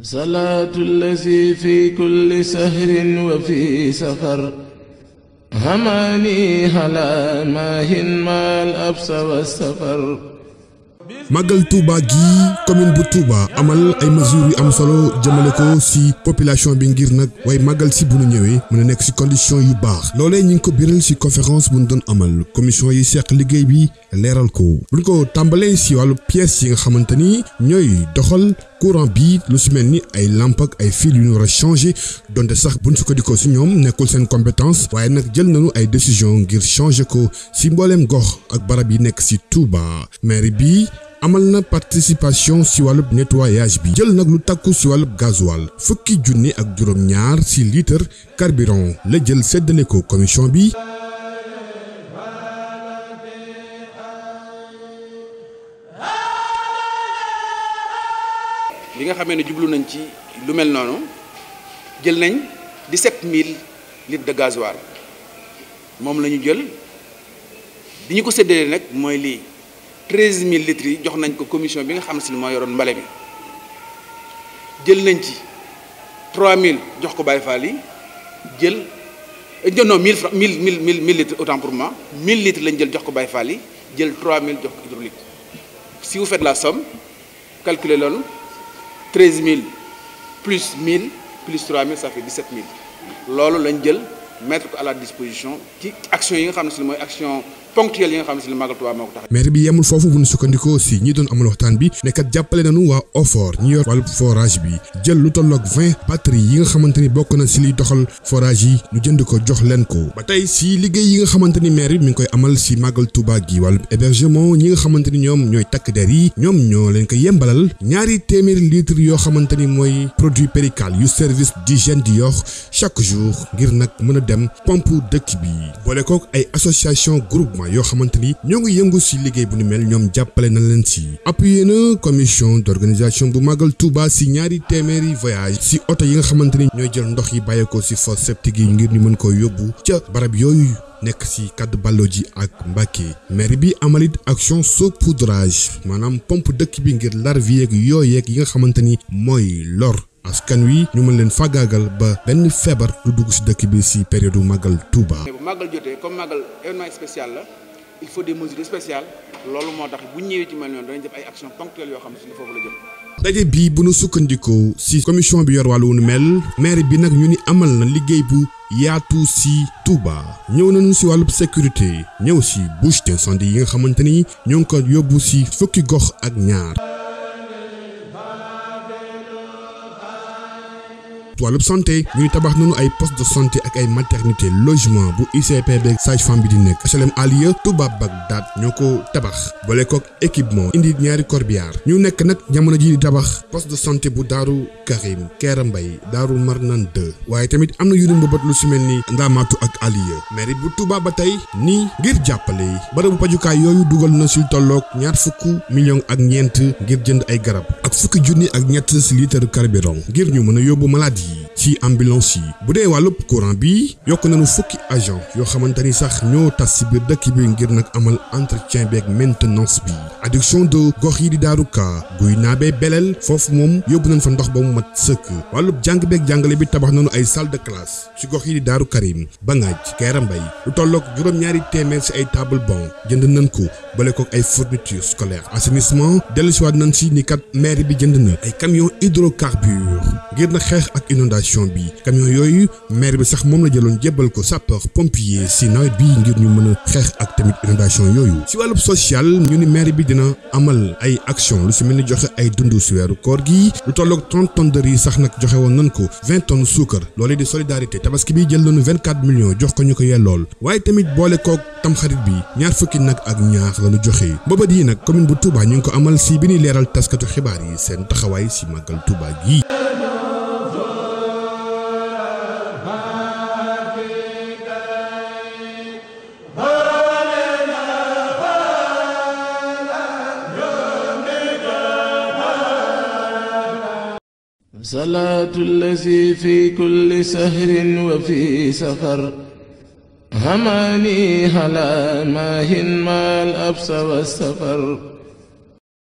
صلاة الذي في كل سهر وفي سفر هماني هلا ماهن ما الأبس والسفر màggal Touba gii commune bu Touba amal ay mesures yu am solo jëmale ko si population bi ngir nag waaye màggal si bu nu ñëwee mën na nekk si condition yu baax loolee ñi ngi ko biral si conférence bu ñu doon amal commission yi seq liggéey bi leeral ko buñ ko tàmbalee si wàllu pièces yi nga xamante ni ñooy doxal courant bi lu si mel ni ay lamp ak ay fil yu ñu war a changé donte sax buñ sukkandikoo si ñoom nekkul seen compétence waaye nag jël nañu ay décision ngir changé ko si mbooleem gox ak barab yi nekk si Touba maire bi amal na participation si wàllub nettoyage bi jël nag lu takku si wàllub gasoil fukki junni ak juróom-ñaar si litre carburant la jël séddale ko commission bi. bi nga xamee ne jublu nañ ci lu mel noonu jël nañ 17000 litres de gasoil moom lañu jël bi ñu ko séddalee nag mooy lii. treize mille litres yi jox nañ ko commission bi nga xam si ne moo jël nañ ci trois mille jox ko Baye Fall jël jël eh, non mille mille mille mille mille litres autant pour moi lañ jël jox ko Baye Fall yi jël jox ko si vous faites la somme calculez loolu treize mille plus mille plus trois mille ça fait mille loolu lañ jël mettre la disposition ci action yi nga xam ne si mooy action. ponctuel yi nga xam ne si moo ko tax maire bi yemul foofu bu ñu sukkandikoo si ñi doon amal waxtaan bi nekkat jàppale nañu waa OFOR ñi yor wàllu forage bi jël lu tolloog vingt batterie yi nga xamante ni bokk na si liy doxal forage yi ñu jënd ko jox leen ko ba tey si liggéey yi nga xamante ni maire bi mi ngi koy amal si màggal Tuubaa gi wàllu hébergement ñi nga xamante ni ñoom ñooy takk der yi ñoom ñoo leen ko yembalal ñaari téeméeri liitre yoo xamante ni mooy produit pérical yu service d'hygiène di yox chaque jour ngir nag mën a dem pompe dëkk bi boole kook ay association groupement développement yoo xamante ni ñoo ngi yëngu si liggéey bu nu mel ñoom jàppale na leen si appuyé na commission d' organisation bu magal Touba si ñaari téeméeri voyage si oto yi nga xamante ni ñooy jël ndox yi bàyyeekoo si fosse septique yi ngir ñu mën koo yóbbu ca barab yooyu nekk si kaddu ballo ji ak Mbàkke maire bi amalit action poudrage maanaam pomp dëkk bi ngir larve yeeg yoo yeeg yi nga xamante ni mooy lor askan wi ñu mën leen fagaagal ba benn feebar du dugg ci dëkk bi ci période màggal Touba. bu màggal jotee comme màggal événement spécial la il faut des mesures spéciales loolu moo tax bu ñëwee ci mel noonu danañ def ay actions ponctuelles yoo xam ne ci foofu la jëm. daje bi bu nu sukkandikoo ci commission bi yor wàllu wu nu mel maire bi nag ñu ni amal na liggéey bu yaatu ci Touba ñëw nañu ci wàllu sécurité ñëw ci bouche d'incendie yi nga xamante ni ñoo ngi ko yóbbu ci fukki gox ak ñaar. wàllub santé ñu tabax nañu ay poste de santé ak ay maternité logement bu ICP beeg sage bi di nekk HLM Alieu Touba Bagdad ñoo ko tabax boole kook équipement indi ñaari corbillard ñu nekk nag jamono ji di tabax poste de santé bu Daaru Karim Kera Mbay Daaru Marnan 2 waaye tamit am na yu ñu lu si mel ni Ndamaatu ak Alieu mairie bu tubaab ba tey nii ngir jàppale bërëbu pajukaay yooyu dugal na si tollook ñaar fukk million ak ñeent ngir jënd ay garab ak fukki junni ak ñett si litre carburant ngir ñu mën a yóbbu malade yi ci ambulance yi bu dee wàllub courant bi yokk nañu fukki agent yoo xamante ni sax ñoo tas si biir dëkk bi ngir nag amal entretien beeg maintenance bi adduction de gox yi di daaru kaa guy naabee beleel foofu moom yóbbu nañ fa ndox ba mu mat sëkk wàllub jàng beeg jàngale bi tabax nañu ay salle de classe ci gox yi di daaru karim bangaaj keera mbay lu tolloog juróom-ñaari téeméer si ay table banc jënd nañ ko bale kook ay fourniture scolaire assainissement dellusiwaat nañ si ni kat maire bi jënd na ay camion hydrocarbure ngir na xeex ak inondation bi camion yooyu maire bi sax moom la jëloon jébbal ko sapeur pompier si nawet bi ngir ñu mën a xeex ak tamit inondation yooyu si wàllub social ñu ni maire bi dina amal ay action lu si mel ni joxe ay dund si weeru koor gi lu tolloog 30 ton de riz sax nag joxe woon nan ko 20 tonnes suukar loolee di solidarité tabaski bi jël nañu 24 millions jox ko ñu ko yellool waaye tamit boole koog tamxarit bi ñaar fukki nag ak ñaar la ñu joxe mbëbët yi nag commune bu Touba ñu ngi ko amal si bi ñuy leeral taskatu xibaar yi seen taxawaay si màggal Touba صلاة الذي في كل سهر وفي سفر هماني هلا ماهن ما الأبس والسفر